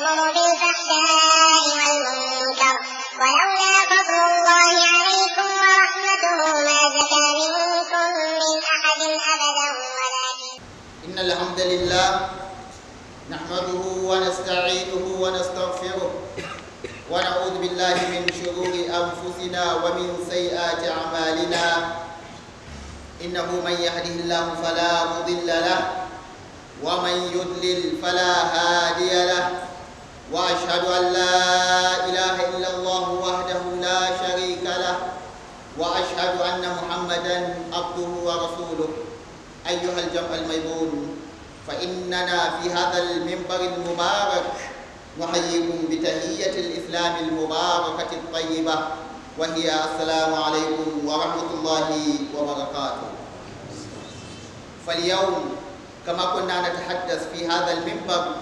يأمر بالفحشاء والمنكر ولولا فضل الله عليكم ورحمته ما زكى منكم من أحد أبدا ولكن إن الحمد لله نحمده ونستعينه ونستغفره ونعوذ بالله من شرور أنفسنا ومن سيئات أعمالنا إنه من يهده الله فلا مضل له ومن يضلل فلا هادي له واشهد ان لا اله الا الله وحده لا شريك له واشهد ان محمدا عبده ورسوله ايها الجمع الميمون فاننا في هذا المنبر المبارك نحييكم بتهية الاسلام المباركه الطيبه وهي السلام عليكم ورحمه الله وبركاته فاليوم كما كنا نتحدث في هذا المنبر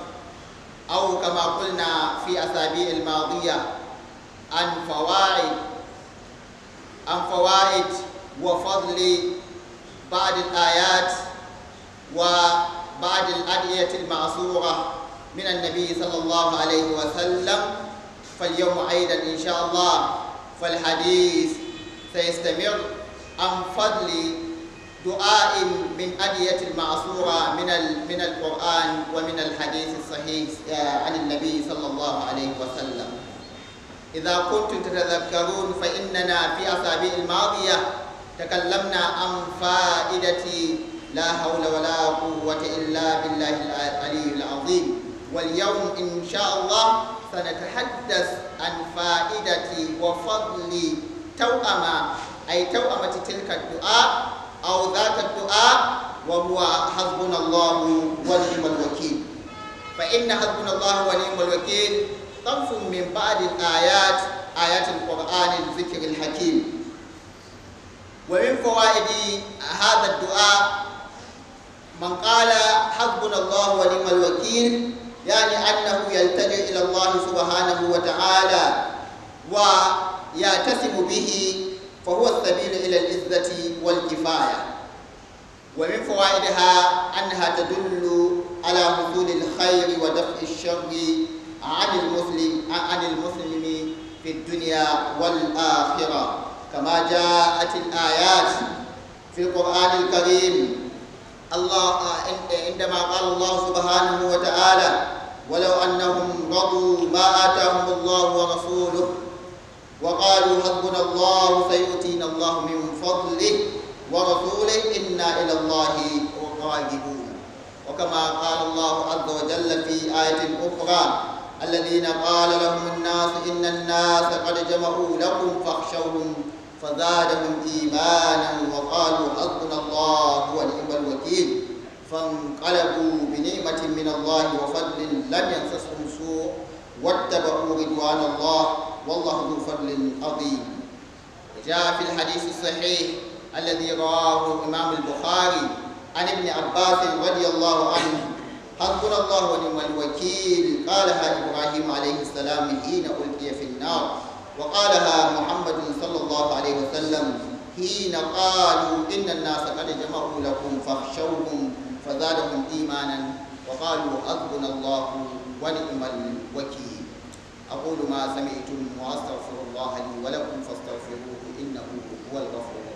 أو كما قلنا في أسابيع الماضية عن فوائد عن فوائد وفضل بعض الآيات وبعض الأدعية المعصورة من النبي صلى الله عليه وسلم فاليوم أيضا إن شاء الله فالحديث سيستمر عن فضل دعاء من أدية المعصورة من من القرآن ومن الحديث الصحيح عن النبي صلى الله عليه وسلم إذا كنتم تتذكرون فإننا في أسابيع الماضية تكلمنا عن فائدة لا حول ولا قوة إلا بالله العلي العظيم واليوم إن شاء الله سنتحدث عن فائدة وفضل توأمة أي توأمة تلك الدعاء أو ذات الدعاء وهو حسبنا الله ونعم الوكيل فإن حسبنا الله ونعم الوكيل طرف من بعض الآيات آيات القرآن الذكر الحكيم ومن فوائد هذا الدعاء من قال حسبنا الله ونعم الوكيل يعني أنه يلتجئ إلى الله سبحانه وتعالى ويعتصم به فهو السبيل إلى العزة والكفاية ومن فوائدها أنها تدل على حصول الخير ودفع الشر عن المسلم عن المسلم في الدنيا والآخرة كما جاءت الآيات في القرآن الكريم الله عندما قال الله سبحانه وتعالى ولو أنهم رضوا ما آتاهم الله ورسوله وقالوا حسبنا الله سيؤتي الله من فضله ورسوله إنا إلى الله راجعون وكما قال الله عز وجل في آية أخرى الذين قال لهم الناس إن الناس قد جمعوا لكم فاخشوهم فزادهم إيمانا وقالوا حسبنا الله ونعم الوكيل فانقلبوا بنعمة من الله وفضل لم ينسسهم سوء واتبعوا رضوان الله والله ذو فضل عظيم وجاء في الحديث الصحيح الذي رواه الإمام البخاري عن ابن عباس رضي الله عنه حسبنا الله ونعم الوكيل قالها إبراهيم عليه السلام حين ألقي في النار وقالها محمد صلى الله عليه وسلم حين قالوا إن الناس قد جمعوا لكم فاخشوهم فزادهم إيمانا وقالوا حسبنا الله ونعم الوكيل أقول ما سمعتم وأستغفر الله لي ولكم فاستغفروه إنه هو الغفور